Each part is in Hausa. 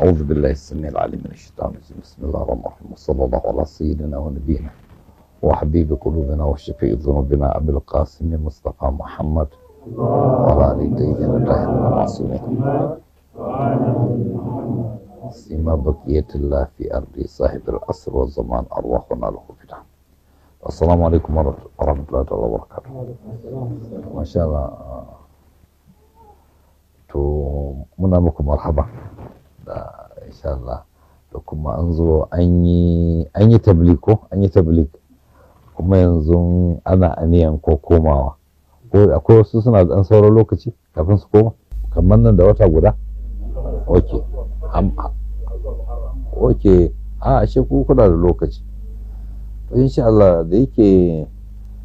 أعوذ بالله السميع العليم من الشيطان الرجيم بسم الله الرحمن الرحيم وصلى الله على سيدنا ونبينا وحبيب قلوبنا وشفيع ذنوبنا أبي القاسم مصطفى محمد وعلى آله الطيبين الطاهرين المعصومين سيما بقية الله في أرض صاحب العصر والزمان أرواحنا له فداء السلام عليكم ورحمة الله وبركاته ما شاء الله to muna muku marhaba da insha Allah da kuma an zo an yi tabliko ko an yi tablik kuma yanzu ana aniyan ko komawa ko akwai wasu suna da sauran lokaci kafin su koma kamar nan da wata guda ok ok a ashe ku kuna da lokaci to insha Allah da yake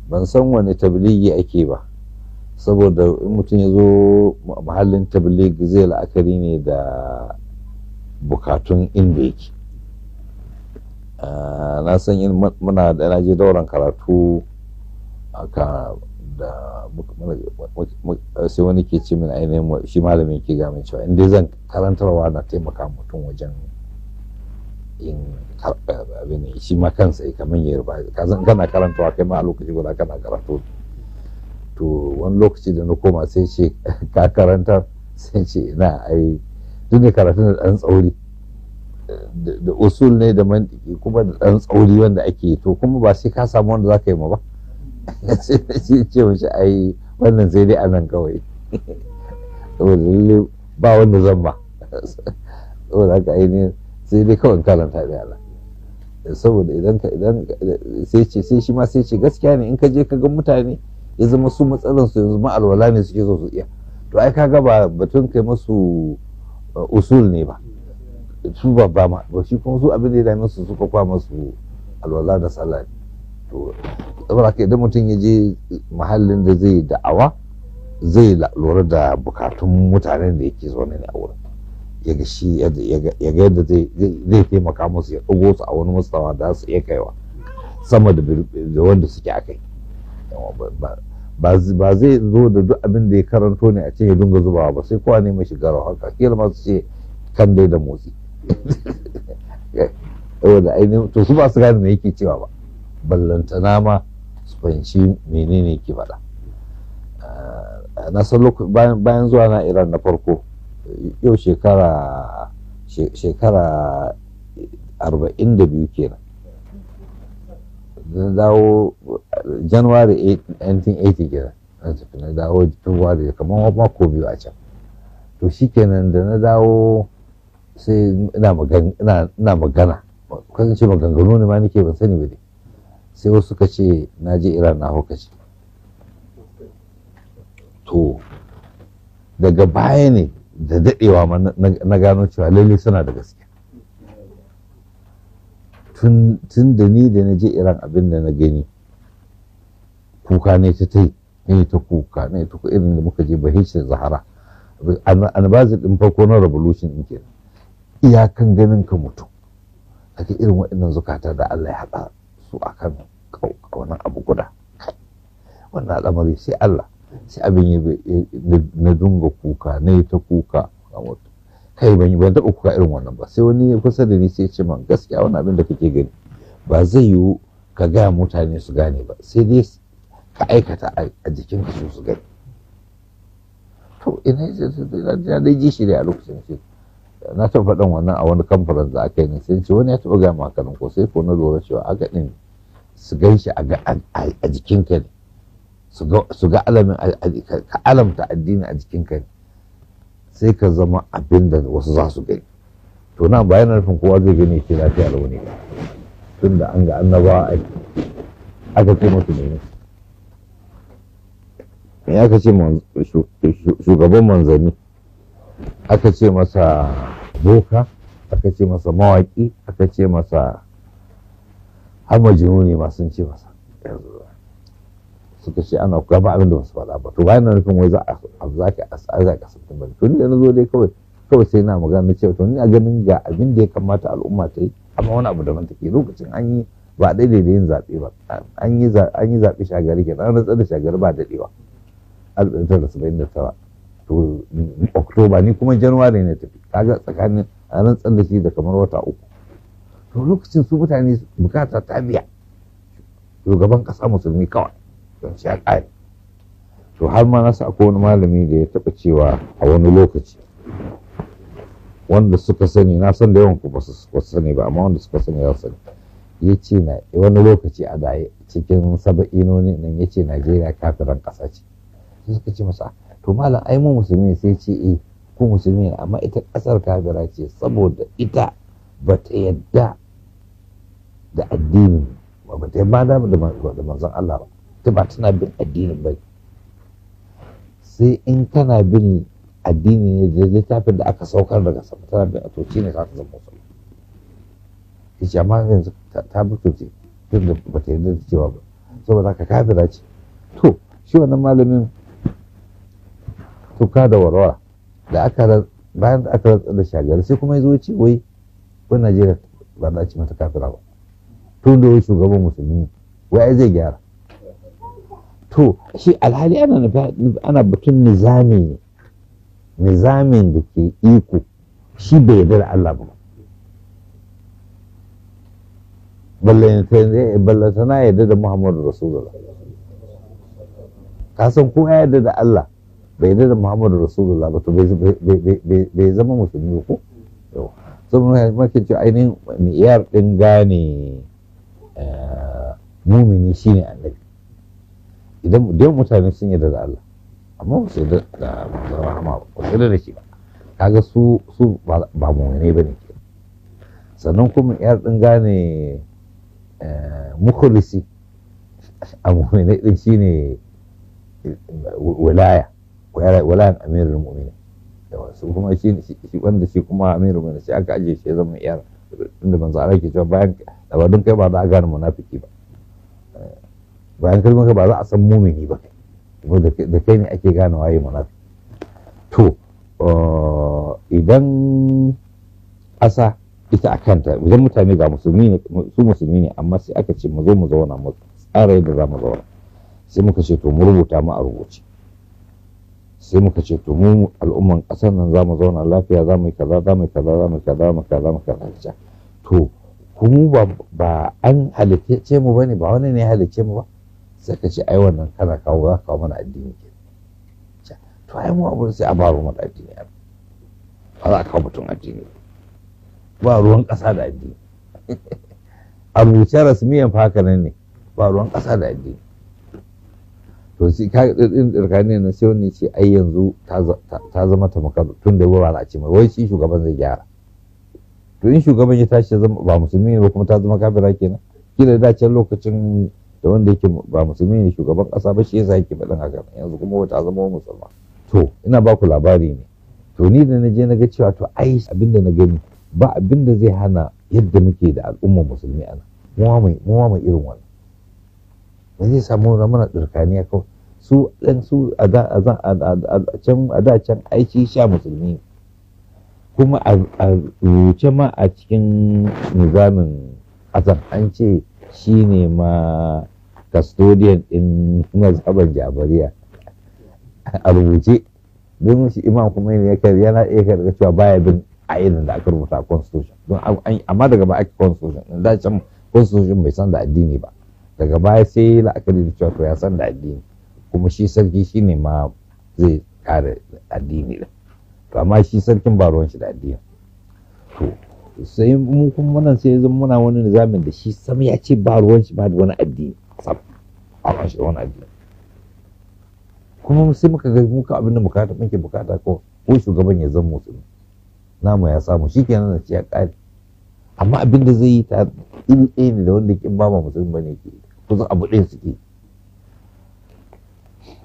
ban san wani tabligi ake ba saboda in mutum ya zo mahallin tabligh zai la'akari ne da bukatun inda yake ah, na san yin muna da dauran karatu ka da sai wani ke ce min ainihin shi malamin ke gamin cewa inda zan karantarwa na taimaka mutum wajen in eh, abin shi ma kansa kamar yarba ka zan kana karantawa kai ma a lokaci guda kana karatu to wani lokaci da na koma sai ce ka karanta sai ce ina ai duk da karatun da ɗan tsauri da usul ne da mantiki kuma da ɗan tsauri wanda ake to kuma ba sai ka samu wanda za ka yi ma ba sai ce mashi ai wannan sai dai anan kawai ba wanda zan ba saboda haka ainihin sai dai kawai karanta da Allah saboda idan ka idan sai ce sai shi ma sai ce gaskiya ne in ka je ka ga mutane ya zama su matsalar su yanzu ma alwala ne suke so su iya to ai kaga ba batun kai musu uh, usul ne ba su ba ba ma ba shi kuma su abin da ya dame su suka kwa masu alwala da sallah to saboda ka idan mutum ya je mahallin da zai da'awa zai lura da bukatun mutanen da yake zo ne a wurin ya ga shi ya ga yadda zai taimaka musu ya ɗago su a wani matsawa da su iya kaiwa sama da wanda suke a kai ba zai zo da duk abin da ya karanto ne a cikin ya dunga zubawa ba sai kowa ne mai shiga haka kila masu ce kan dai da motsi da to su ba su gane me yake cewa ba ballantana ma su fahimci menene ke faɗa ah, na san bayan zuwa na iran na farko yau shekara shekara arba'in da biyu kenan na dawo eh, january 1980 kenan na tafi na dawo february kamar mako biyu a can to shikenan da na dawo sai ina magana kusan ce maganganu ne ma nake ban sani ba dai sai wasu ka ce na je iran na hau ce to daga baya ne da daɗewa ma na gano cewa lallai suna da gaske tun da ni da na je iran abin da na gani kuka ne ta tai ne ta kuka ne ta kuka irin da muka je bahish Zahra, zahara anabazir din farko na revolution in kenan iyakan ganin ka mutu ake irin waɗannan zukata da Allah ya haɗa su akan wani abu guda wannan al'amari sai Allah sai abin ya na dunga kuka ne ta kuka a kai ban ban taɓa kuka irin wannan ba sai wani kusa da ni sai ya ce man gaskiya wannan abin da kake gani ba zai yiwu ka gaya mutane su gane ba sai dai ka aikata a jikin su su gani to ina ya dai ji shi a lokacin shi na taɓa faɗin wannan a wani kamfanin da aka yi ne sai ce wani ya taɓa gaya makarin ko sai ko na lura cewa aka ɗin su gan shi a jikinka ne su ga alamin ka alamta addini a jikinka ne sai ka zama abin da wasu za su gani to na bayan nufin kowa zai gani ke lafiya wani ba tun da an ga annabawa ake aka ce musu ne ne aka ce shugaban manzanni aka ce masa boka aka ce masa mawaƙi aka ce masa har ne masu ce masa yanzu suka ce ana kula ba abin da basu faɗa ba to bayan nan kuma wai za a za ka za ka asibiti ba to da na zo dai kawai kawai sai na magana na cewa to ni a ganin ga abin da ya kamata al'umma ta yi amma wani abu daban take lokacin an yi ba a daidai yin zaɓe ba an yi zaɓe shagari kenan an rantsar da shagari ba daɗewa alif ɗari tara saba'in da tara to oktoba ni kuma januwari ne tafi kaga tsakanin an rantsar da shi da kamar wata uku to lokacin su mutane bukata ta biya shugaban ƙasa musulmi kawai don sai a to har ma nasu akwai wani malami da ya taɓa cewa a wani lokaci wanda suka sani na san da yawan ku ba su sani ba amma wanda suka sani ya sani ya ce na wani lokaci a da cikin saba'inoni nan ya ce najeriya kafiran ƙasa ce sai suka ce masa to malam ai mu musulmi sai ce eh ku musulmi ne amma ita ƙasar kafira ce saboda ita ba ta yadda da addini ba ta yadda da manzon Allah ba ita ba tana bin addinin ba sai in tana bin addini ne da littafin da aka saukar daga sama tana bin a toci ne za ta zama musulmi ita amma yanzu ta mutunce tun da ba ta yarda da cewa ba saboda ka kafira ce to shi wannan malamin tuka da warwara da aka bayan da aka rantsar da shagari sai kuma ya zo ce wai wani najeriya ba za a ci mata kafira ba tun da wai shugaban musulmi wai zai gyara to shi alhali ana batun nizami ne nizamin da ke iko shi bai yarda da Allah ba ballantana yarda da Muhammadu Rasulullah ka san ko ya yarda da Allah bai yarda da Muhammadu Rasulullah ba to bai zama musulmi ko yau mai makin cewa ainihin mi'iyar ɗin gane eh, mumini shine annabi idan da mutane sun yarda da Allah amma ba su yarda da rahama ba su yarda da shi ba kaga su su ba mu'mine bane ke sannan kuma yar din gane eh, mukhlisi a mu'mine din shine wilaya wilayan amirul mu'minin su kuma shi wanda shi kuma amirul mu'minin sai aka ajiye shi ya zama yar inda manzo Allah ke cewa bayan da ba don kai ba za a gane munafiki ba bayan kalmar ka ba za a san mumini ba da kai ne ake gane waye munafi to eh, idan asa ita a kanta idan mutane ga musulmi ne su musulmi ne amma sai aka ce mu zo mu zauna mu tsara yadda za mu zauna sai muka ce to mu rubuta mu a rubuce sai muka ce to mu al'umman ƙasar nan za mu zauna lafiya za mu yi kaza za mu yi kaza za mu yi kaza za mu yi kaza za mu yi kaza to kuma ba an halicce mu ba ne, ba wani ne halicce mu ba sai ka ce ai wannan kana kawo za ka kawo mana addini ke to ai mu abu sai a ba ruwan addini a ba za a kawo mutum addini ba ruwan ƙasa da addini a rubuce rasmiyan fa haka nan ne ba ruwan ƙasa da addini to sai ka din tsirkani na sai wani ce ai yanzu ta zama ta maka tun da wura na ce mai wai shi shugaban zai gyara to in shugaban ya tashi ba musulmi ne ba kuma ta zama kafira kenan kila da can lokacin da wanda yake ba musulmi ne shugaban kasa ba shi yasa yake faɗin haka yanzu kuma wata zama musulma to ina baku labari ne to ni da na je na ga cewa to ai abin na gani ba abin zai hana yadda muke da al'ummar musulmi ana mu ma mai irin wannan da zai samu ramana ɗirkaniya kawai su ɗan su a da can aiki sha musulmi kuma a rubuce ma a cikin nizamin azan an ce shi ne ma custodian ɗin mazhaban jabariya a rubuce don shi imam kuma ne yana iya karɓar cewa baya bin a ayyadin da aka rubuta a constitution don amma daga ba ake constitution da can constitution bai san da addini ba daga baya sai la'akari da cewa ya san da addini kuma shi sarki shi ne ma zai kare addini da amma shi sarkin ba ruwan shi da addini sai mu kuma wannan sai zan muna wani nizamin da shi sam ya ce ba ruwan shi ba da wani addini sam a ba shi wani addini kuma sai muka ga muka abin da bukata muke bukata ko ko shugaban ya zama na namu ya samu shi kenan da ya kare amma abin da zai yi ta in ɗaya ne da wanda kin ba ma musulmi bane ke kusan abu ɗaya suke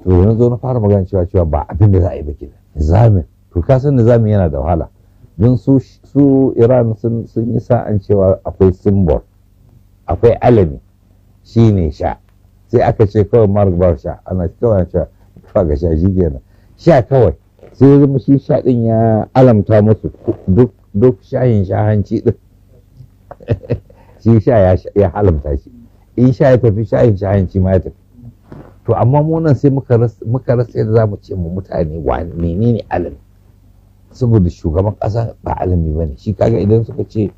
to yanzu na fara magana cewa cewa ba abin da za a yi ba kenan nizamin to ka san nizamin yana da wahala don su iran sun yi sa'an cewa akwai simbol akwai alami shi ne sha sai aka ce kawai mark bar sha ana kawai sha ga sha shi kenan sha kawai sai ya zama shi sha din ya alamta musu duk shayin shahanci din shi sha ya halamta shi in sha ya tafi shayin shahanci ma ya tafi to amma mu nan sai muka rasa yadda za mu ce mu mutane wa menene alami saboda shugaban ƙasa ba alami ba ne shi kaga idan suka ce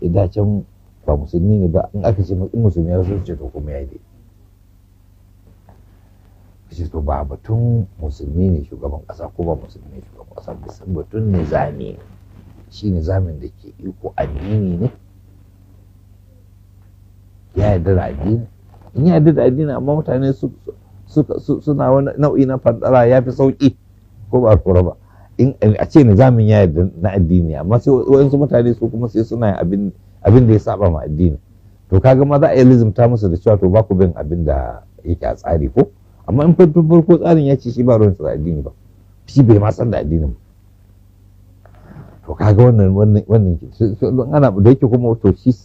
idan can ba musulmi ne ba in aka ce in musulmi ya ce to kuma ya dai ce to ba batun musulmi ne shugaban ƙasa ko ba musulmi ne shugaban ƙasa san batun nizami shi nizamin da ke iko addini ne ya yarda da addini in ya yarda da addini amma mutane suna wani nau'i na fadara ya fi sauƙi ko ba kura ba in a ce nizamin ya yarda na addini amma sai wayansu mutane su kuma sai suna abin abin da ya saba ma addini to kaga ma za a yi ta musu da cewa to ba ku bin abin da yake a tsari ko amma in fadin farko tsarin ya ce shi ba ruwan da addini ba shi bai ma san da addini ba to kaga wannan wannan wannan ana da yake kuma to shi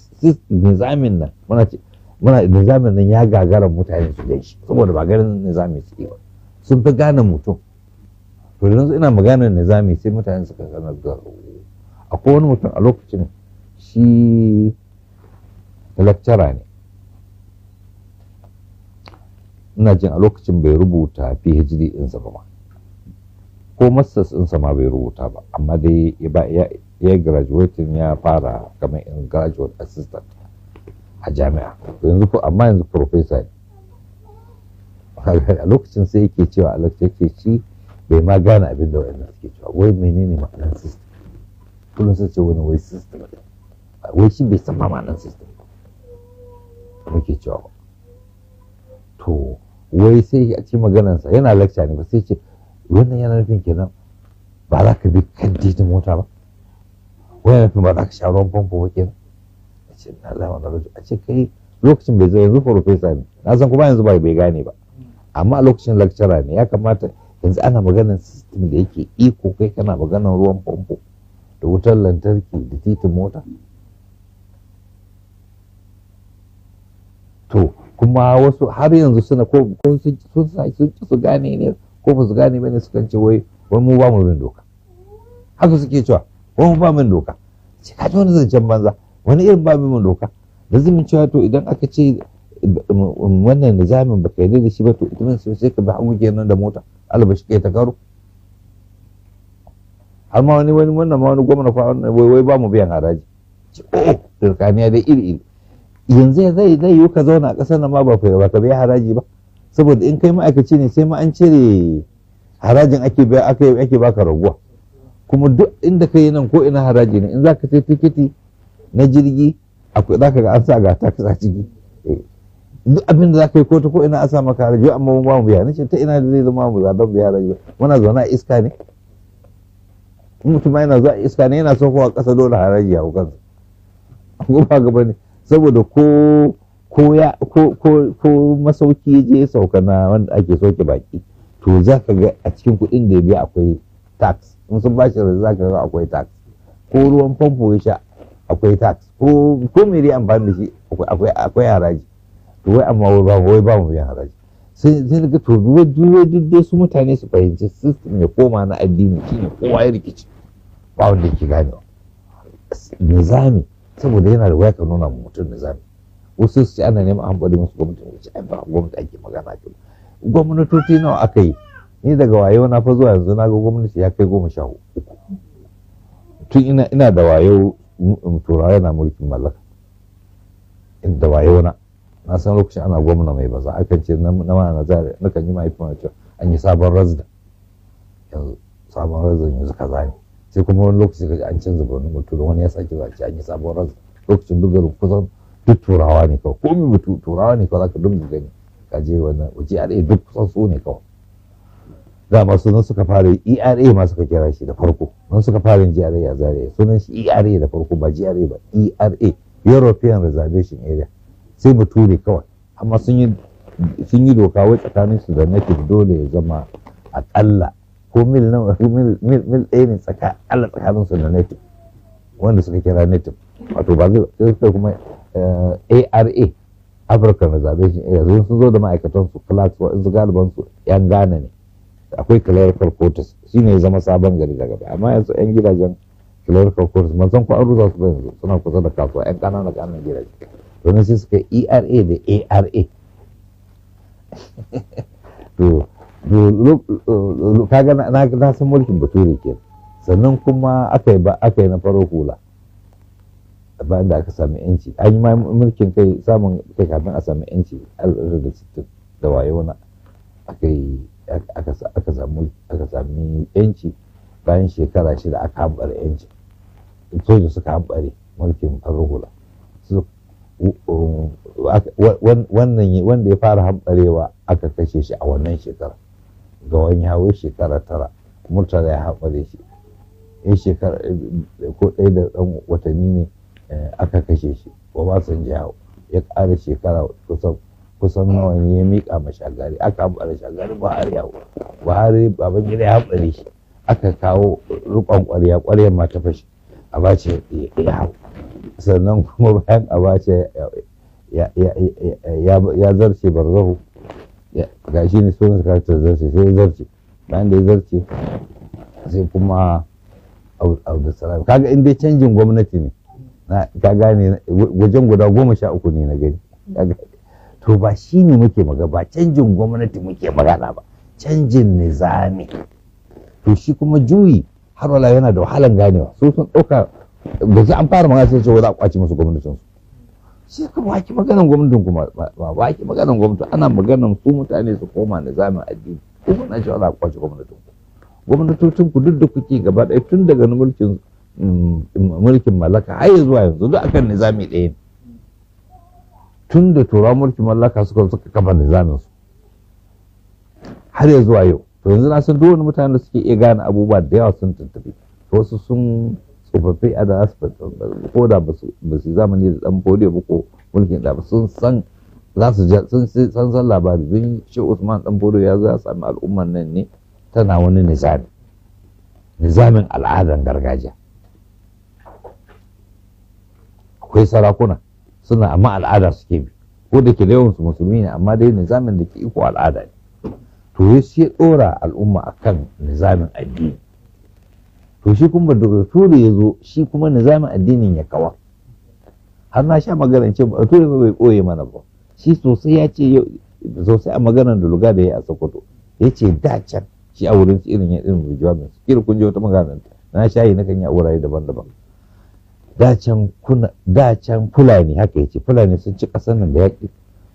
nizamin nan muna ce muna nizamin nan ya gagara mutane su dai shi saboda ba ganin nizamin su ba sun fi gane mutum to yanzu ina maganar nizami sai mutane suka gana da akwai wani mutum a lokacin shi lecturer ne ina jin a lokacin bai rubuta PhD ɗinsa ba ko masters ɗinsa ma bai rubuta ba amma dai ya ya graduating ya fara kamar in graduate assistant a jami'a yanzu amma yanzu professor ne a lokacin sai yake cewa a yake ci bai ma gane abin da wa'annan suke cewa wai menene ma'anar system kullum sai ce wani wai system ne wai shi bai san ma'anar system ba muke cewa ba to wai sai a ci maganarsa yana lakca ne ba sai ce wannan yana nufin kenan ba za ka bi kan titin mota ba wani nufin ba za ka sha ruwan famfo ba kenan a ce na lama na a ce kai lokacin bai zai yanzu farfesa ne na san kuma yanzu bai gane ba amma lokacin lakcara ne ya kamata yanzu ana maganar system da yake iko kai kana maganar ruwan famfo da wutar lantarki da titin mota to kuma wasu har yanzu suna ko sun ci su gane ne ko ba su gane bane su kan ce wai mu ba mu bin doka haka suke cewa wai mu ba mu bin doka sai ka ji wani zancen banza wani irin ba mu bin doka da zai cewa to idan aka ce wannan nizamin baka yarda da shi ba to ita sai ka bi hagu kenan da mota albashi ke ta karo har ma wani wani wannan ma wani gwamna fa wai wai ba mu biyan haraji oh, oh turkaniya dai iri iri yanzu zai zai yi ka zauna a ƙasar nan ma ba ba ka biya haraji ba saboda in kai ma'aikaci ne sai ma an cire harajin ake biya baka raguwa kuma duk inda kai nan ko ina haraji ne in za ka sai tikiti na jirgi akwai zaka ga an sa ga tax a ciki eh, duk abin da za ka yi kotu ko ina a sa maka amma mun ba mu biya ce ta ina da zai zama mu zaɓen biya haraji muna zaune a iska ne in mutum ma yana zuwa a iska ne yana kowa ƙasa dole haraji a kansa ko ba gaba ne saboda ko ko ya ko ko ko masauki ya je sauka na wanda ake soke baki to za ka ga a cikin kuɗin da ya biya akwai tax in sun bashi da za ka ga akwai tax ko ruwan famfo ya sha akwai tax ko ko me amfani da shi akwai akwai haraji to wai amma wai ba wai ba mu biyan haraji sai sai ga to duwa su mutane su fahimci system ya koma na addini ne kowa ya rikici ba wanda yake wa. nizami saboda yana da waya nuna mu mutum nizami wasu su ce ana neman an bari musu gwamnati wuce ai ba gwamnati ake magana ke gwamnatoci nawa aka yi ni daga wayo na fa zuwa yanzu na ga gwamnati ya kai goma sha uku tun ina ina da wayo turawa na mulkin mallaka da wayo na na san lokacin ana gwamna mai baza akan ce na ma na zare na kan yi mahaifin cewa an yi sabon razda yanzu sabon razda yanzu za ne sai kuma wani lokaci ji an canza birnin bature wani ya sake zaci an yi sabon razda lokacin duk garin kusan duk turawa ne kawai ko mutu turawa ne kawai zaka dinga gani ka je wannan waje are duk kusan su ne kawai masu sunan suka fara ERA ma suka kira shi da farko nan suka fara yin GRA ya zare sunan shi ERA da farko ba GRA ba ERA European Reservation Area sai bature kawai amma sun yi doka wai tsakanin su da native dole ya zama akalla ko mil nawa mil ɗaya ne tsaka Allah tsakanin su da native wanda suka kira native wato ba zai suka kuma ARA eh, African Reservation Area sun sun zo da ma'aikatan su clark wa su galiban su yan gane ne akwai clerical quarters shi ne zama sabon gari daga baya amma yanzu yan gidajen clerical quarters man san ko an rusa su ba yanzu suna kusa da kasuwa yan ƙananan ƙananan gidaje domin sai suka era da ara to kaga na san mulkin bature ke sannan kuma aka yi ba aka yi na faro hula bayan da aka sami yanci an yi mulkin kai samun kai kafin a sami yanci alɗarar da sittin da wayo na aka yi aka sami yanci bayan shekara shida aka hambare yanci soja suka hambare mulkin faro hula wannan wanda ya fara hamɓarewa aka kashe shi a wannan shekara ga wani hawa shekara tara murtala ya haɓare shi in shekara ko ɗaya da ɗan watanni ne eh, aka kashe shi ji ya ya ƙara shekara kusan kusan nawa ne ya miƙa ma shagari aka haɓare shagari har yawo buhari baban gida ya haɓare shi aka kawo rukon ƙwarya ƙwaryar ma ta fashe a bace ya hau sannan kuma bayan a bace ya zarce barzahu ga shi ne sunan karakter zarce sai zarce bayan da ya zarce sai kuma abdulsalam kaga in dai canjin gwamnati ne ka gane wajen guda goma sha uku ne na gani to ba shi ne muke magana ba canjin gwamnati muke magana ba canjin nizami to shi kuma juyi har wala yana da wahalan ganewa su sun ɗauka ba su an fara magana sun ce za a kwace musu gwamnatin su sai ka baki maganan gwamnatin kuma ba baki maganan gwamnati ana maganan su mutane su koma nizamin addini kuma na cewa za a kwace gwamnatin ku gwamnatocin ku duk da kuke gaba ɗaya tun daga mulkin mm, mulkin mallaka har zuwa yanzu duk akan nizami ɗaya ne tun da tura mulkin mallaka suka suka kafa nizamin su har zuwa yau to yanzu na san duk wani mutane da suke iya gane abubuwa da yawa sun to wasu sun tsofaffi a da su ko da ba su zamani da dan bode ba ko mulkin da ba sun san za su sun san san labari don shi Usman dan bode ya zo ya sami al'ummar nan ne tana wani nizami nizamin al'adar gargajiya akwai sarakuna suna amma al'ada suke bi ko da ke yawan su musulmi ne amma dai nizamin da ke iko al'ada ne to sai ya ɗora al'umma akan nizamin addini to shi kuma da rasulu ya zo shi kuma nizamin addinin ya kawa har na sha maganar ce rasulu bai koye mana ba shi sosai ya ce sosai a maganar da luga da ya a sokoto ya ce da shi a wurin su irin irin rijuwamin su kira kun je wata maganar na yi na kan yi a wurare daban-daban da can fulani haka ya ce fulani sun ci ƙasar nan da yaƙi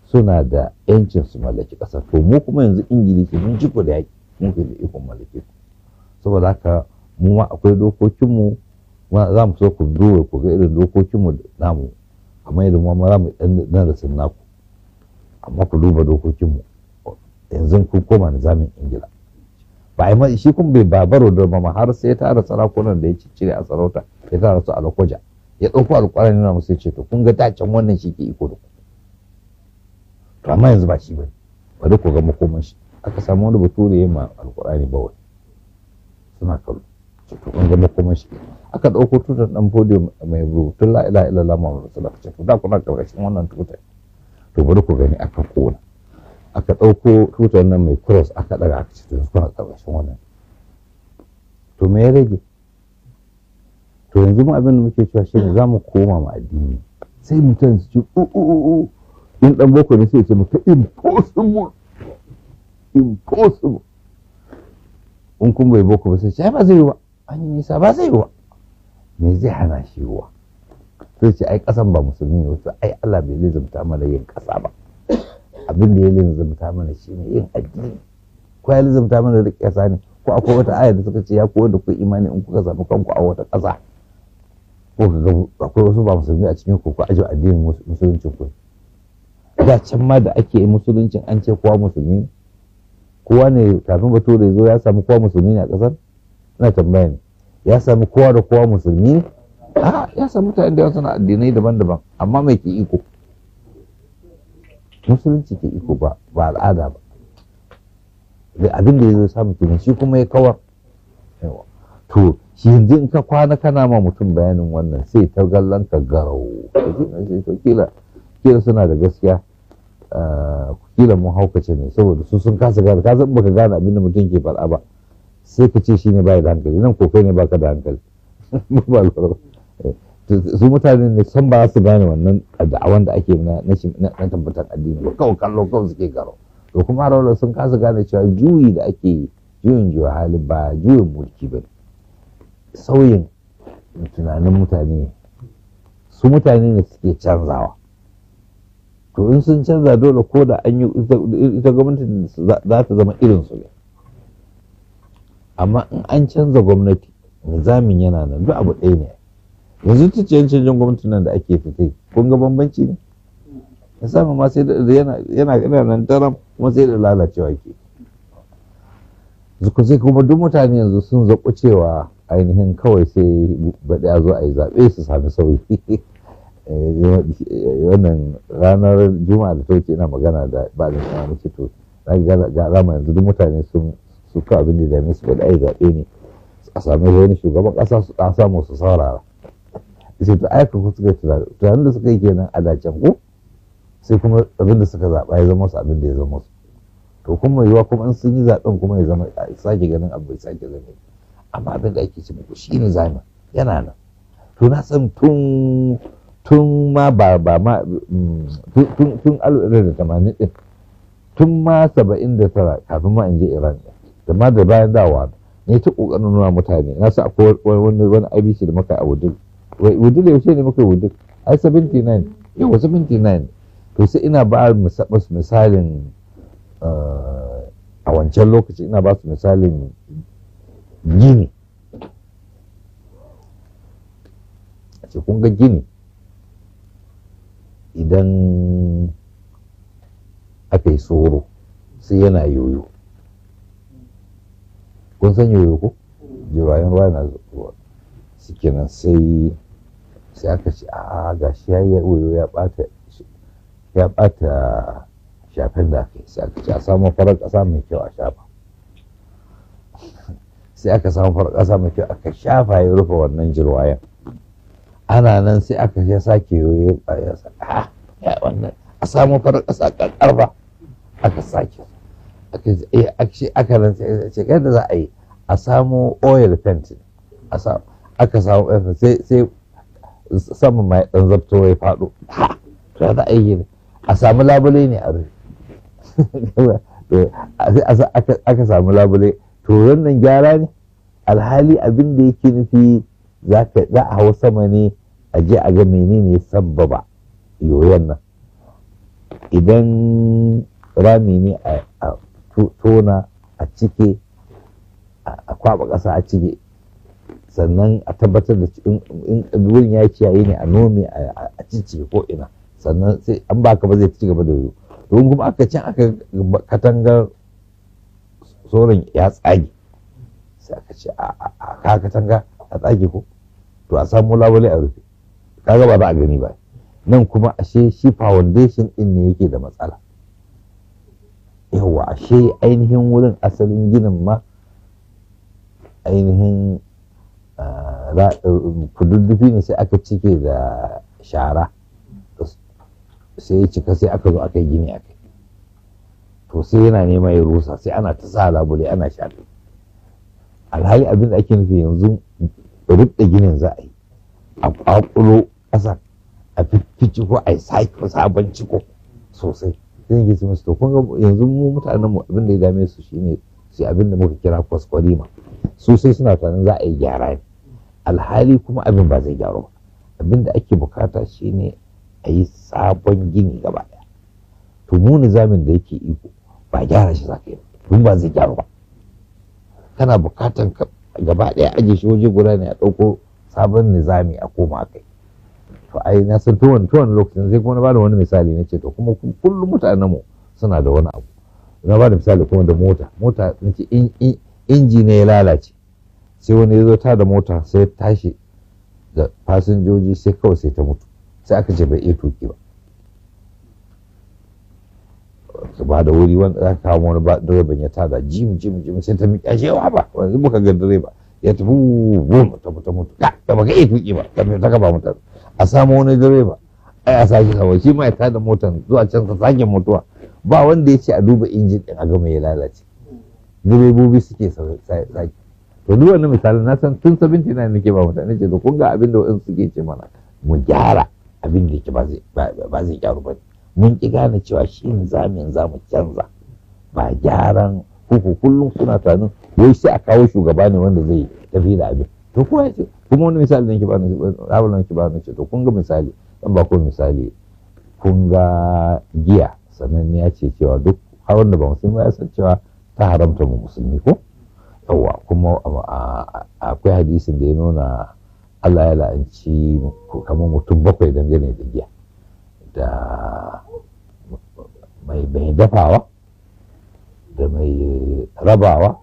suna da yancin su mallaki ƙasar, to mu kuma yanzu ingilishi mun ciko ku da yaƙi mun fi da ikon mallaki saboda haka mu ma akwai dokokinmu za mu so ku duba ku ga irin dokokinmu namu kamar yadda mu ma za mu da darasin naku amma ku duba dokokinmu yanzu kun koma nizamin ingila ba a yi shi kun bai babaro da ma har sai ya tara sarakunan da ya cire a sarauta ya tara su a lokoja ya ɗauko alƙwarar nuna musu ya ce to kun ga can wannan shi ke iko da ku to amma yanzu ba shi bane bari ku ga makoman shi aka samu wani bature ya ma ba bawai suna kallo ce to kun zama kuma shi aka dauko tutar ɗan fodiyo mai rubutun la ila ila lama rasulullah ce to da kuna ƙarƙashin wannan tutar to bari ku gani aka kona aka dauko tutar nan mai cross aka daga aka ce to yanzu kuna ƙarƙashin wannan to me ya rage to yanzu mu abin da muke cewa shi ne za mu koma ma addini sai mutum su ce u'u'u'u in ɗan boko ne sai ce maka impossible impossible in kun bai boko ba sai ce ba zai yi ba an yi nisa ba zai yiwa me zai hana shi yiwa sai ce ai kasan ba musulmi ne wasu ai Allah bai lizumta mana yin kasa ba abin da ya lizumta mana shi ne yin addini ko ya lizumta mana da kasa ne ko akwai wata aya da suka ce ya koyar da ku imani in kuka samu kanku a wata kasa ko ka ga akwai wasu ba musulmi a cikin ku ko ajiye addinin musuluncin ku da can ma da ake musuluncin an ce kowa musulmi kowa ne kafin bature zo ya samu kowa musulmi ne a kasar ina tambaya ne ya sami kowa da kowa musulmi ne a ya sami mutane da suna addinai daban-daban amma mai ke iko musulunci ke iko ba ba al'ada ba da abin da ya zo samu kenan shi kuma ya kawar to shi yanzu in ka kwana kana ma mutum bayanin wannan sai ta gallan ka garau kila kila suna da gaskiya ah, kila mun haukace ne saboda su sun kasa gane ka san baka gane abin da mutum ke fara ba sai ka ce shine bai da hankali nan ko kai ne baka da hankali ba lura eh, su mutane ne san ba su gane wannan da'awan da ake na na tabbatar addini ba kawai kallo kawai suke garo to kuma rawar sun kasa gane cewa juyi da ake yi juyin juwa hali ba juyin mulki ba sauyin tunanin mutane su mutane ne suke canzawa to in sun canza dole ko da an yi ita gwamnati za ta zama irin su ne amma in an canza gwamnati nizamin yana nan duk abu ɗaya ne yanzu tuciyan canjin gwamnati nan da ake fita kun ga bambanci ne ya samu ma sai da yana yana nan daram kuma sai da lalacewa ke zuku kuma duk mutane yanzu sun zaƙo cewa ainihin kawai sai baɗi a zo a yi zaɓe su sami sauyi eh, wannan ranar juma'a da ta ina magana da ba da shi to ga alama yanzu duk mutane sun su ka abin da dame su bada ai zaɓe ne a sami wani shugaban ƙasa su ɗan samu su saurara sai ta aika ku suka yi tunanin da suka yi kenan a dacen ku sai kuma abin da suka zaɓa ya zama su abin da ya zama su to kuma yiwa kuma in sun yi zaɓen kuma ya zama a sake ganin abu ya sake zama amma abin da ake ce muku shi ne zamin yana nan to na san tun tun ma ba ba ma mm, tun tun da tamanin din tun ma saba'in da tara kafin ma in je iran din amma da bayan dawa ne ta kokarin nuna mutane na sa akwai wani wani abc da muka a wudil wudil yaushe ne muka wudil ai 79 yawa 79 to sai ina ba misalin eh, a wancan lokaci ina ba su misalin gini a cikin kun ga gini idan aka yi tsoro sai yana yoyo kun san yoyo ko jirayen ruwa na zuwa shikenan sai sai aka ce a ga shi ya yoyo ya bata ya bata shafin da aka sai aka ce a samu farar ƙasa mai kyau a shafa sai aka samu farar ƙasa mai kyau aka shafa ya rufe wannan jirwayen ana nan sai aka ya sake yoyo ya sa ya wannan a samu farar ƙasa ƙarfa aka sake aka rantsa ce yadda eh, za a yi a samu oil painting aka samu oil painting sai saman mai dan zabto ya faɗo to za a yi a samu labule ne a rufe aka samu labule to wannan gyara ne alhali abin da yake nufi za a hau sama ne a je a ga menene sabbaba yoyon nan idan rami ne a tona a cike a kwaba ƙasa a cike sannan a tabbatar da in wurin ya kiyaye ne a nomi a cici ko ina sannan sai an baka ba zai ci gaba da yiwu don kuma aka can aka katangar tsoron ya tsage sai aka ce a ka katanga a tsage ko to a samu labule a rufe kaga ba za a gani ba nan kuma ashe shi foundation din ne yake da matsala yawa ashe ainihin wurin asalin ginin ma ainihin ah, kududdufi ne sai aka cike da shara sai ya cika sai aka zo aka yi gini aka to sai yana nema ya rusa sai ana ta sa labule ana shafi alhali abin da ake nufi yanzu rubda ginin za a yi a kwakulo ƙasa a fiffi ciko a yi sabon ciko sosai sai yake musu to kun yanzu mu mutanen mu abin da ya dame su shine sai abin da muka kira kwaskwarima su sai suna tunanin za a yi gyara ne alhali kuma abin ba zai gyaru ba abin da ake bukata shine a yi sabon gini gaba ɗaya to mu nizamin da yake iko ba gyara shi za ka yi tun ba zai gyaru ba kana bukatan gaba ɗaya ajiye shi waje guda ne a ɗauko sabon nizami a koma kai to ai na san tuwon tuwon lokacin sai kuma na bada wani misali na ce to kuma kullum mutanen mu suna da wani abu na bada misali kuma da mota mota na ce inji ne ya lalace sai wani ya zo ta da mota sai tashi da fasinjoji sai kawai sai ta mutu sai aka ce bai iya tuki ba ba da wuri wanda za ka kawo wani direban ya tada jim jim jim sai ta miƙa shi yawa ba yanzu muka ga direba ya tafi wuwu ta mutu ta mutu ka ba ka iya tuki ba ta ba mutane a samu wani direba ai a sake hawa shi mai ta da motan zuwa can sa sake mutuwa ba wanda ya ce a duba injin din a ga ya lalace direbobi suke sake to duk wani misalin na san tun 79 nake ba mutane ce to kun ga abin da wa'in suke ce mana mu gyara abin da yake ba zai gyaru ba mun ki gane cewa shi ne zamin za mu canza ba gyaran kuku kullum suna tunanin wai sai a kawo shugaba ne wanda zai tafi da abin to kowa ya ce kuma wani misali da nake ba abin da nake ba to kun ga misali dan ba misali kun giya sannan ya ce cewa duk har da ba musulmi ba ya san cewa ta haramta mu musulmi ko yawa kuma akwai hadisin da ya nuna Allah ya la'anci kamar mutum bakwai dangane da giya da mai mai dafawa da mai rabawa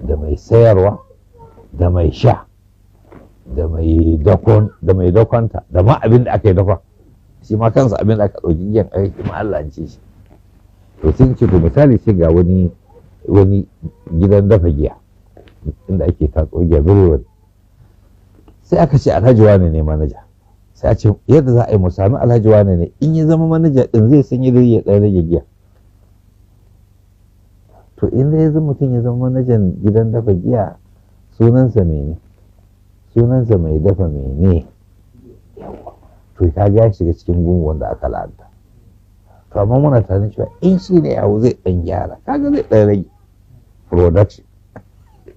da mai sayarwa da mai sha da mai dakon da mai dakonta da ma abin da aka yi dakon shi ma kansa abin da aka ɗauki giyan aka shi ma Allah ce shi to sun ce to misali sai ga wani wani gidan dafa giya inda ake tatso giya brewery sai aka ce alhaji wane ne manaja sai a ce yadda za a yi musamman alhaji wane ne in ya zama manaja din zai san yadda ya ɗan rage giya to in ya zama mutum ya zama manajan gidan dafa giya sunansa mene ne sunansa mai dafa mene yawa to ta ga shiga cikin gungun da aka la'anta to amma muna tunanin cewa in shi ne yawo zai dan gyara kaga zai dan rage production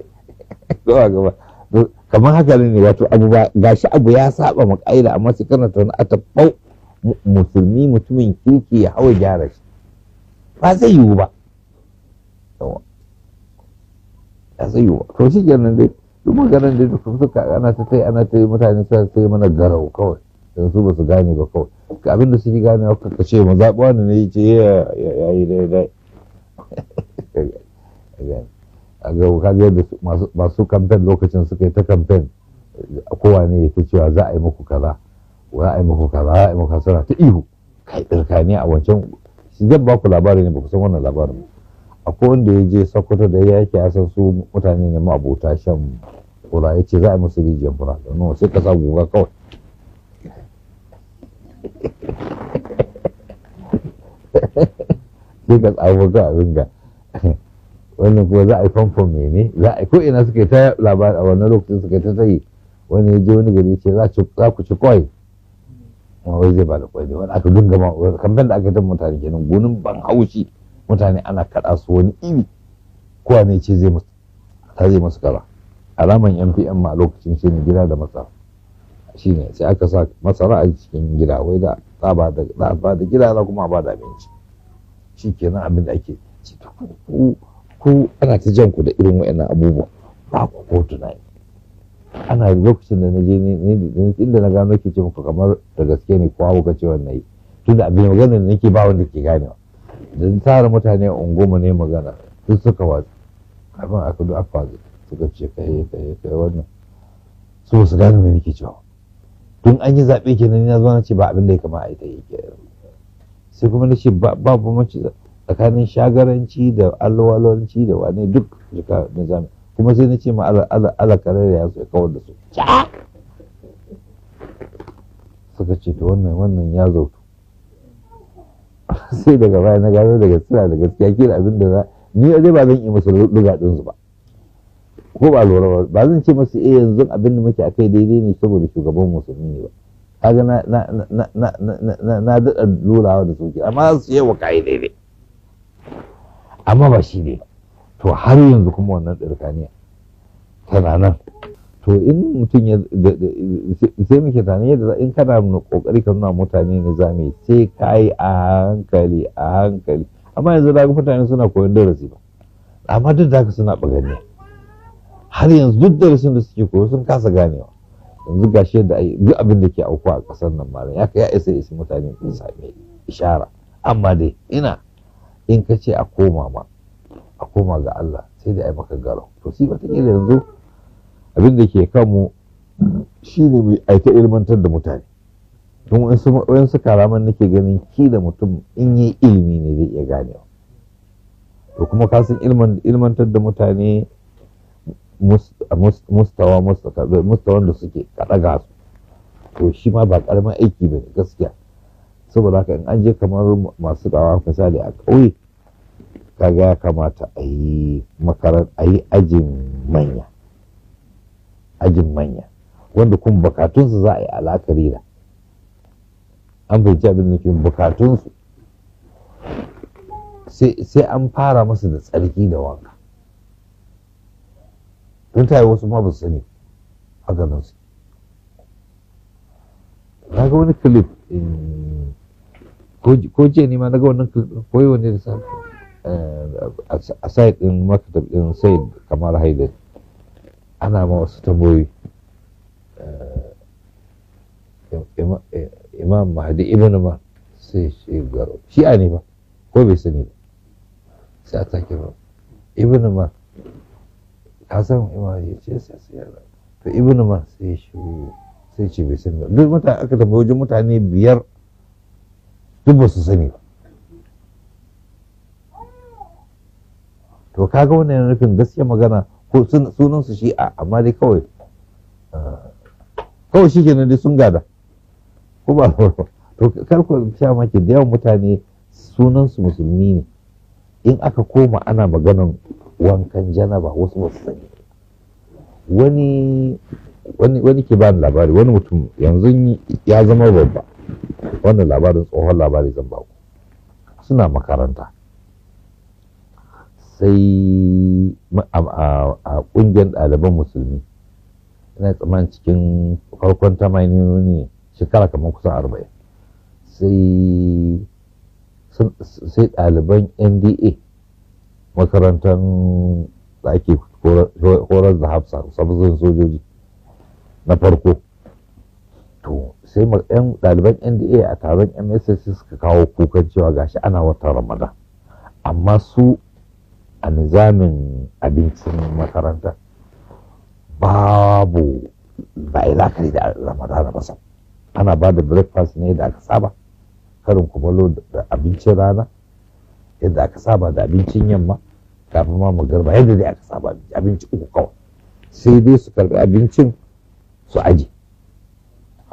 gaba kamar haka ne wato abu ba gashi abu ya saba mu kaida amma sai kana tana a tabbau musulmi mutumin kirki ya hawa gyara shi ba zai yiwu ba yawa ba zai yiwu ba to shi kenan dai duk maganar da duka suka ana ta tai ana ta yi mutane suna ta yi mana garau kawai don su ba su gane ba kawai ga abin da suke gane ka ka ce mazaɓi wani ne ce ya yi daidai a ga ga yadda masu kamfen lokacin suka yi ta kamfen kowa ne ya ta cewa za a yi muku kaza za a yi muku kaza za a yi muku kaza ta ihu kai tsirkani a wancan shi zan ba ku labarin ne ba ku san wannan labarin ba akwai wanda ya je sokoto da yake ke san su mutane ne ma'abota shan fura ya ce za a musu rijiyar fura nuna sai ka sa guga kawai sai ka tsawo ka abin ga wani kuma za a yi famfon mene za a yi ko ina suke ta labar a wannan lokacin suke ta tayi wani ya je wani gari ce za ku ci kwai ma wai zai ba da kwai ne wani aka dinga ma kamfen da aka yi ta mutane kenan gunin ban haushi mutane ana kaɗa su wani iri kowa ne ce zai musu ta zai musu kara alaman mpm ma lokacin shi ne gida da masara shi ne sai aka sa masara a cikin gida wai da za ba da za ba da gida kuma ba da abinci shi kenan abin da ake ci ku ana ta jan ku da irin wa'annan abubuwa ba ku ko tunani ana lokacin da na je ne inda na gano ke ce muku kamar da gaske ne ko hauka ce wannan yi tunda abin maganar da nake ba wanda ke ganewa don tara mutane ungumu ne magana duk suka watsu kafin aka duk afazi suka ce kai kai kai wannan so su gane mai nake cewa tun an yi zaɓe ke na zo na ce ba abin da ya kama a yi yake sai kuma na ce babu mace tsakanin shagaranci da alwalanci da wane duk jika na zami kuma sai na ce ma ala karar ya su kawar da su suka ce to wannan wannan ya zo sai daga baya na gano daga suna da gaskiya kila abin da za ni zai ba zan yi masu luga ɗinsu ba ko ba lura ba ba zan ce masu eh yanzu abin da muke akai daidai ne saboda shugaban musulmi ne ba kaga na na na na na na daɗa lurawa da su amma su yi wa kayi daidai amma ba shi ne to har yanzu kuma wannan ɗirkaniya tana nan to in mutum ya sai muke tani yadda in kana nuna kokari ka nuna mutane ne zame sai ka yi a hankali a hankali amma yanzu da mutane suna koyon darasi ba amma duk da haka suna bagani har yanzu duk darasin da suke koyo sun kasa ganewa yanzu gashi yadda duk abin da ke auku a kasar nan malam ya ya isa isa mutane sun same ishara amma dai ina in ka ce a koma ma a koma ga Allah sai da ai maka garo to ta wata yanzu abin da ke kanmu shi ne mai aita ilmantar da mutane don wayansu karaman nake ganin ki da mutum in yi ilimi ne zai iya ganewa to kuma kasan ilmantar da mutane mustawa mustawa da suke ga su to shi ma ba ƙaramin aiki ba gaskiya saboda haka in an je kamar masu dawa misali a ƙauye kaga ya kamata a yi ajin manya ajin manya wanda kuma bukatunsu za a yi alakari da an fahimci abin da ke bukatunsu sai an fara masu da tsarki da wanka tun ta yi wasu ma ba su sani haka nan su na ga wani clip eh, ko jiya ne ma na ga wani clip ko wani da sa eh, a site din makatab din sai kamar haidar ana ma wasu tambayoyi eh, imam mahdi ibn ma sai shi garo a ne ba ko bai sani ba sai a take ba ibn ma ka san imam ya ce sai sai ya to ibn ma sai shi sai ce bai sani ba duk mutane aka tambayi wajen mutane biyar duk ba su sani ba to kaga wannan nufin gaskiya magana ko sunan su a amma dai kawai kawai shi kenan dai sun gada ko ba to kar ku sha maki da yawan mutane sunan su musulmi ne in aka koma ana maganan wankan janaba wasu wasu sani wani wani wani ke bani labari wani mutum yanzu ya zama babba wannan labarin tsohon labari zan ba ku suna makaranta sai a kungiyar ɗaliban musulmi ina tsammanin cikin farkon tamanin ne shekara kamar kusan arba'in sai ɗaliban nda makarantar da ake horar da hafsa sabbin sojoji na farko to sai ɗaliban nda a taron mss suka kawo kukan cewa gashi ana watan ramadan amma su a nizamin abincin makaranta babu ba a la'akari da ramadana ba sau ana ba da breakfast ne da aka saba karin kumallo da abincin rana yadda aka saba da abincin yamma kafin ma magarba yadda dai aka saba abinci uku kawai sai dai su karbi abincin su aji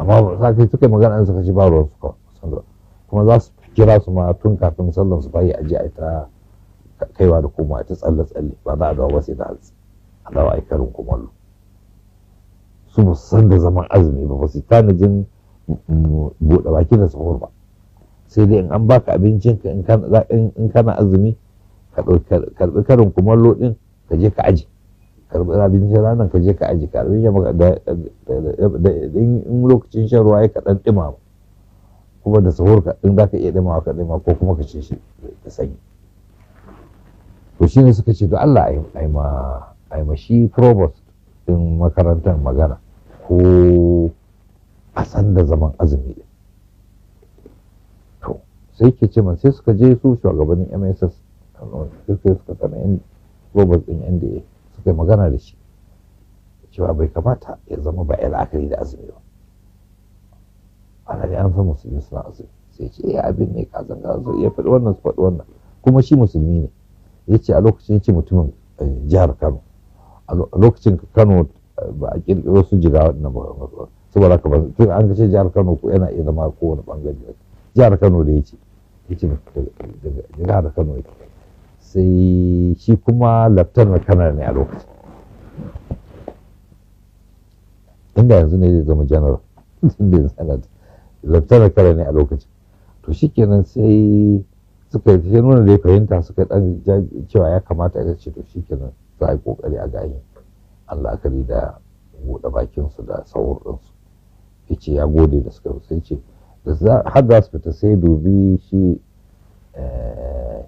amma ba sa kai suka yi magana an suka shi ba ruwan su kuma za su kira su ma tun kafin sallan su bayi aji a ita kaiwa da komawa ta tsalle tsalle ba za a dawo ba sai da hantsi a dawo a yi karin kumallo su ba san da zaman azumi ba ba su tanajin buɗe baki da sahur ba sai dai in an baka abincin ka in kana azumi ka karɓi karin kumallo ɗin ka je ka aji karɓi abincin ranar ka je ka aji karɓi ya maka da in lokacin shan ruwa ya ka ɗan ɗima kuma da sahur ka in za ka iya ɗimawa ka ɗima ko kuma ka ce shi da sanyi to shine suka ce ga Allah a yi ai shi provost din makarantar magana ko a sanda zaman azumi to sai ke ce man sai suka je su shugabannin MSS sai suka tsana in provost din NDA suka yi magana da shi cewa bai kamata ya zama ba la'akari da azumi ba a da an san musulmi suna azumi sai ce ya eh, abin ne ka zanga zo ya faɗi wannan su faɗi wannan kuma shi musulmi ne ya ce a lokacin ya ce mutumin eh, jihar kano a lokacin kano eh, ba a kirkiro su jira wannan ba saboda haka tun an ga ce jihar kano ko yana iya zama kowane bangare jihar kano da ya ce ya ce jihar kano ya sai shi kuma laftanar kanar ne a lokacin inda yanzu ne zai zama janar da laftanar kanar ne a lokacin to shikenan sai suka yi nuna da ya fahimta suka dan cewa ya kamata ya ce to shikenan za a yi kokari a gani Allah kari da buɗe bakin su da sauran ɗinsu ya ce ya gode da suka sai ce Da har za su fita sai dubi shi eh,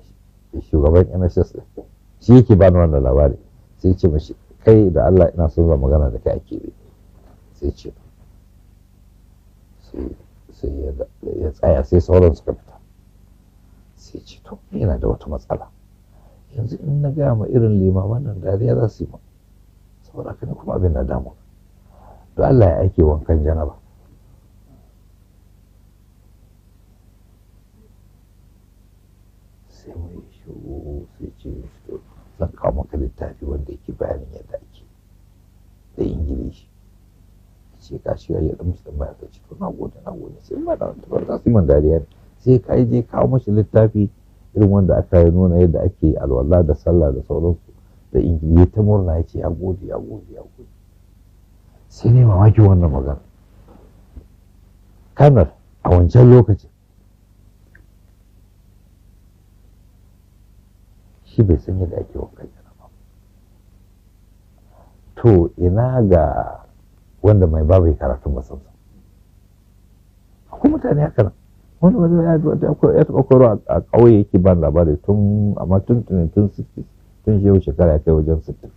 shugaban NHS shi yake bani wannan labari sai ce mashi kai da Allah ina son zama magana da kai a kebe sai ce sai ya tsaya sai sauran suka fita sai ce to yana da wata matsala yanzu in na gaya ma irin limaman nan dariya za su yi ma saboda haka ne kuma abin na damu to Allah ya aike wankan janaba sai mai shigo sai ce zan kawo maka littafi wanda yake bayanin yadda ake da ingilishi ce ka shi ya yi da musulman ya ce to na gode na gode sai ma da wata ba za su yi man dariya ne sai ka je kawo mashi littafi irin wanda aka yi nuna yadda ake alwala da sallah da sauransu da ingiliya ta murna ya ce ya gode ya gode ya gode sai ne mamaki wannan magana kanar a wancan lokaci shi bai san yadda ake wankan yana ba to ina ga wanda mai babu ya karatun masansa akwai mutane haka nan wani wajen ya taɓa koro a ƙauye yake ban labari tun amma tun tun tun tun yau shekara ya kai wajen sittin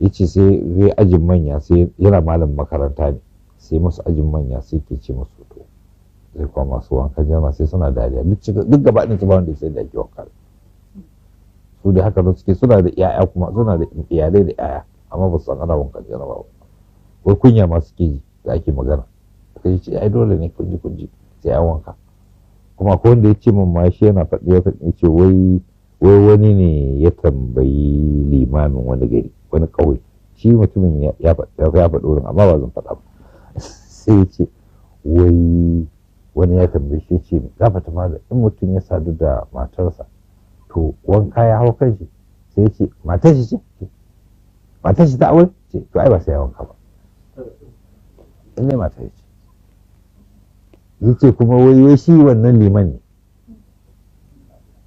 ya ce sai zai ajin manya sai yana malam makaranta ne sai masu ajin manya sai ke ce masu to zai kuma masu wankan jama sai suna dariya duk gaba ɗin su ba wanda sai da ake wanka su da haka suke suna da iyaya kuma suna da iyalai da iyaya amma ba su san ana wankan jama ba wai kunya ma suke ji da ake magana kai ce ai dole ne kunji kunji sai ya wanka kuma ko wanda ya ce min ma shi yana faɗi ya faɗi ce wai wai wani ne ya tambayi limamin wani gari wani ƙauye shi mutumin ya faɗi wurin amma ba zan faɗa ba sai ya ce wai wani ya tambayi shi ce gafata malam in mutum ya sadu da matarsa to wanka ya hau kan shi sai ya ce matar shi ce matar shi ta aure ce to ai ba sai ya wanka ba in ne matar shi yace kuma wai wai shi wannan liman ne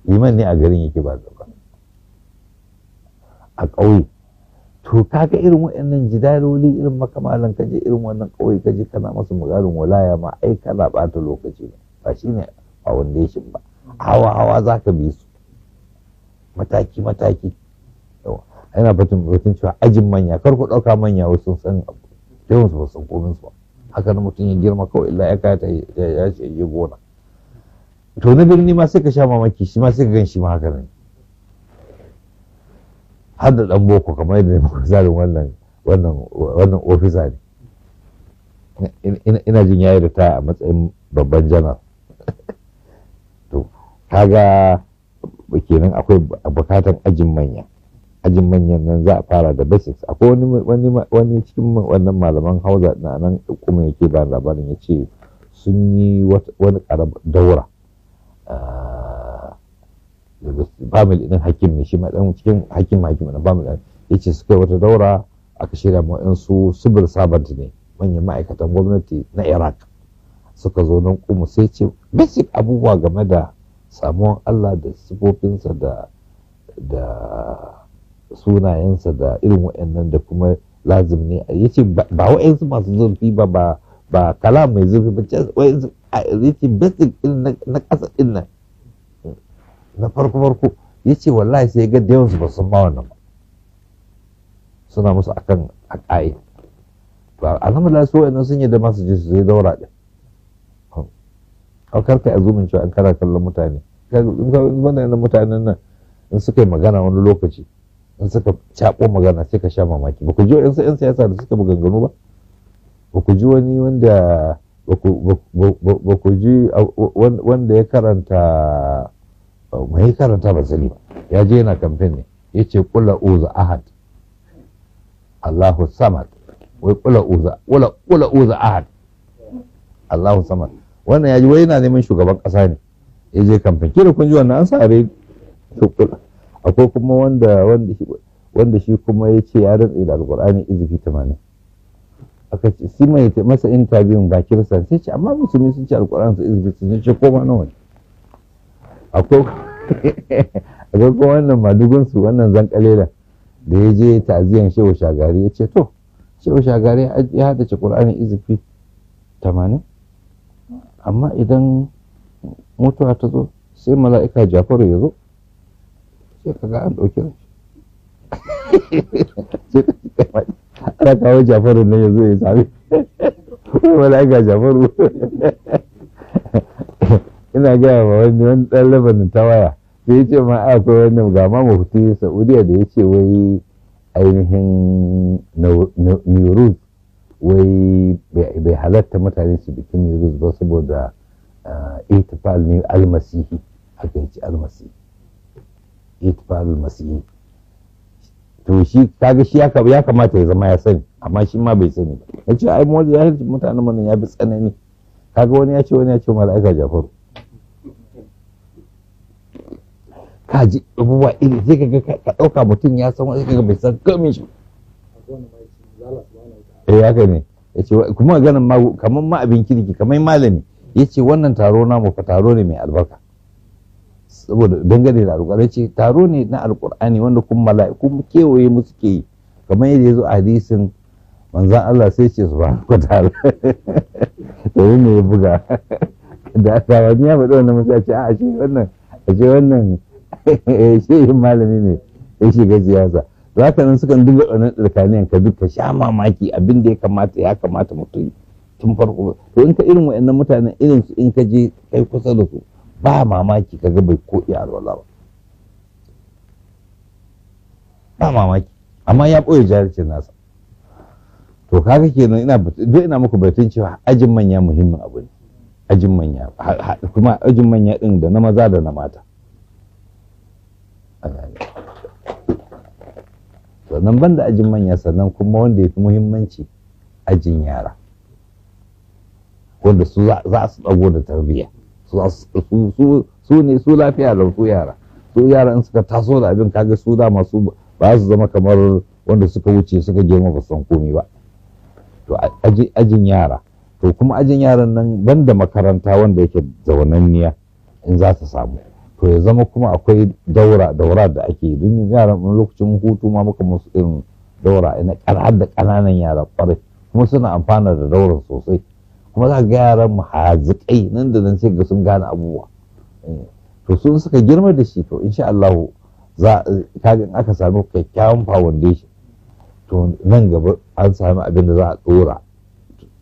liman ne a garin yake ba zaba a ƙauye to kaga irin waɗannan jidaloli irin makamalan kaje irin wannan ƙauye kaje kana masu mugarin walaya ma ai kana ɓata lokaci ne ba shi ne ya ba hawa hawa za ka bi su mataki mataki yana batun batun cewa ajin manya kar ku ɗauka manya wasu san abu yawan su ba san komin su ba hakan mutum ya girma kawai illa ya kata ya ce ya gona to na birni ma sai ka sha mamaki shi ma sai ka gan shi ma haka ne har da dan boko kamar yadda muka zarin wannan wannan wannan ofisa ne ina jin yayi da ta a matsayin babban jana. to kaga kenan akwai bukatan ajin manya ajin manyan nan za a fara da basics akwai wani wani cikin wannan malaman hausa na nan kuma yake ba labarin ya ce sun yi wani karab daura ah, family din hakim ne shi dan cikin hakim hakim na family ya ce suka yi wata daura aka shirya ma'in su civil servant ne manyan ma'aikatan gwamnati na iraq suka zo nan kuma sai ce basic abubuwa game da samuwan allah da sifofinsa da da sunayensa da irin wa'annan da kuma lazim ne ya ce ba wa'ansu masu zurfi ba ba kala mai zurfi ba wa'ansu ya ce basic din na ƙasa din nan na farko farko ya ce wallahi sai ga da su ba sun ma wannan suna musu akan aƙa'i ba alhamdulillah su wa'annan sun yi da masu jisu su zai daura ɗin a karka a zumin cewa an kara kallon mutane in ka mutanen nan in suka yi magana wani lokaci in suka caƙo magana sai ka sha mamaki ba ku ji wa'insu 'yan siyasa da suka maganganu ba ba ku ji wani wanda ba ku ji wanda ya karanta ba ya karanta ba sani ba ya je yana kamfen ne ya ce kula uza ahad Allahu samad wai kula uza kula kula uza ahad Allahu samad wannan ya ji wai yana neman shugaban kasa ne ya je kamfen kira kun ji wannan an sa rai to kula akwai kuma wanda wanda shi wanda shi kuma ya ce ya rantse da alkur'ani izifi tamanin aka ce si mai masa intabiyun ba kirsan sai ce amma musulmi sun ce alkur'ani su izifi sun ce ma nawa ne akwai kuma wannan madugunsu wannan zankalela da ya je ta'aziyan shehu shagari ya ce to shehu shagari ya hada haddace qur'ani izifi tamanin amma idan mutuwa ta zo sai mala'ika jafaru ya zo sai ka ga an ɗauki rai sai ka ji kai ana kawo jafaru nan yanzu ya sami wala ga jafaru ina gaya ma wani wani ɗan labarin ta waya da ya ce ma a akwai wani ga ma mafuti saudiya da ya ce wai ainihin neuruz wai bai halatta mutane su bikin neuruz ba saboda eh, itifal ne almasihi aka yi ci almasihi itfalul masi'i to shi kaga shi ya kamata ya zama ya sani amma shi ma bai sani ba ya ce ai mu zahirci mutanen mu ya bi tsanani kaga wani ya ce wani ya ce mala'ika jafar ka ji abubuwa iri sai kaga ka dauka mutum ya san wani kaga bai san kamin shi eh haka ne ce kuma ganin ma kamar ma abin kirki kamar malami Ya ce wannan taro namu ka taro ne mai albarka saboda dangane da alƙur'ani ce taro ne na alƙur'ani wanda kuma mala'iku kewaye mu suke yi kamar yadda ya zo a hadisin manzan Allah sai ce subhanaka ta'ala sai ne ya buga da tawani ya faɗi wannan mutum ce a ce wannan a shi wannan shehin malami ne ya shiga siyasa za ka nan sukan dinga ɗanen tsirkaniyan ka duka sha mamaki abin da ya kamata ya kamata mutum tun farko to in ka irin wa'annan mutanen irin su in ka je kai kusa da su ba mamaki kaga bai ko iya alwala ba ba mamaki amma ya ɓoye jahilcin nasa to kaga kenan ina duk ina muku batun cewa ajin manya muhimmin abu ne ajin manya kuma ajin manya din da na maza da na mata sannan ban da ajin manya sannan kuma wanda ya fi muhimmanci ajin yara wanda su za su ɗago da tarbiyya su ne su lafiya da su yara su yara in suka taso da abin kaga su da masu ba su zama kamar wanda suka wuce suka girma ba san komai ba to ajin yara to kuma ajin yaran nan banda makaranta wanda yake zaunanniya in za ta samu to ya zama kuma akwai daura daura da ake don yaran lokacin hutu ma muka musu irin daura ina har da ƙananan yara kwarai kuma suna amfana da daura sosai kuma za ka ga yaran mu hazikai nan da nan sai ga sun gane abubuwa eh, to sun suka girma da shi to insha Allah za kaga in aka samu kyakkyawan foundation to nan gaba an samu abin da za a dora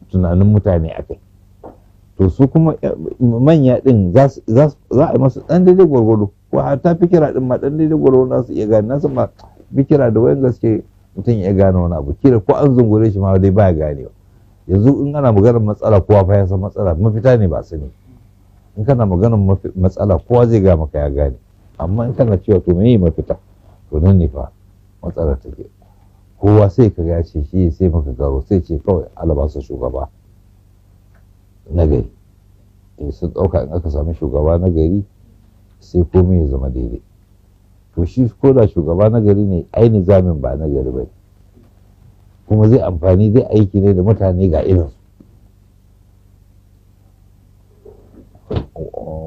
tunanin mutane akai to su kuma eh, manya din za a yi masu dan daidai gwargwado ko har ta fikira din ma dan daidai gwargwado za su iya gane nasu ma fikira da wayan gaske mutum ya gane wani abu kira ko an zungure shi ma dai baya ganewa yanzu in ana maganar matsala kowa fa ya san matsala mafita ne ba sani in kana maganar matsala kowa zai ga maka ya gane amma in kana cewa to meye mafita to nan ne fa matsala take kowa sai ka ya ce shi sai maka garo sai ce kawai alabasa shugaba na gari in eh, sun ɗauka in aka sami shugaba na gari sai komai ya zama daidai to shi ko da shugaba na gari ne ai zamin ba na gari bai kuma zai amfani zai aiki ne da mutane ga irin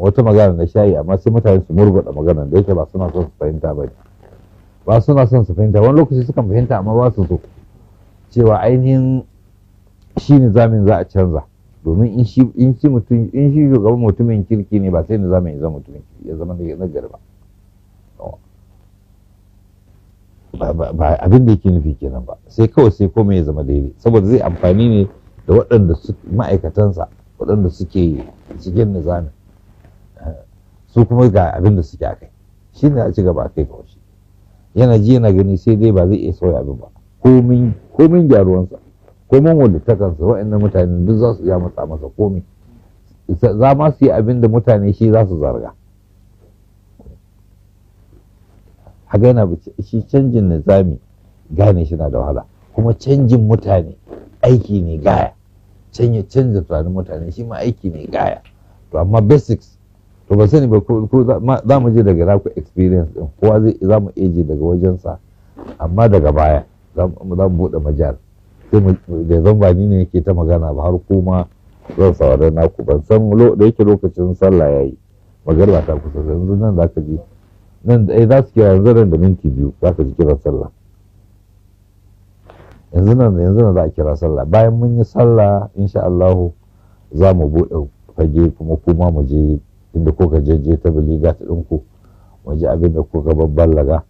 wata magana na shayi amma sai mutane su da magana da yake ba suna son su fahimta ba ba suna son su fahimta wani lokaci sukan fahimta amma ba su so cewa ainihin shi zamin za a canza domin in shi mutum in shi shugaban mutumin kirki ne ba sai zamin ya zama mutumin ya zama na gari ba ba abin da yake nufi kenan ba sai kawai sai komai ya zama daidai saboda zai amfani ne da waɗanda ma'aikatansa waɗanda suke cikin nizamin su kuma ga abin da suke akai shi ne a ci gaba a kai kawai yana ji yana gani sai dai ba zai iya sauya abin ba komin gyaruwansa komin wadatakansa waɗannan mutane duk za su iya matsa masa komi za ma su yi abin da mutane shi za su zarga haka yana bace shi canjin nizami gane shi na da wahala kuma canjin mutane aiki ne gaya canjin canza tunanin mutane shi ma aiki ne gaya to amma basics to ba sani ba ko za mu je daga naku experience din kowa zai za mu eje daga wajensa amma daga baya za mu buɗe majal sai da zan ba ni ne yake ta magana ba har kuma zan saurari naku ban san da yake lokacin sallah yayi magariba ta kusa yanzu nan za ka je nan da eh, za su kira yanzu nan da minti biyu za ka ji kira sallah yanzu nan da yanzu nan za a kira sallah bayan mun yi sallah insha Allahu za mu buɗe fage kuma kuma mu je inda kuka jeje ta biliga ta ɗinku mu je abin da kuka babballaga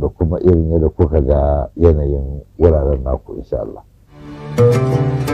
da kuma irin yadda kuka ga yanayin wuraren naku insha Allah.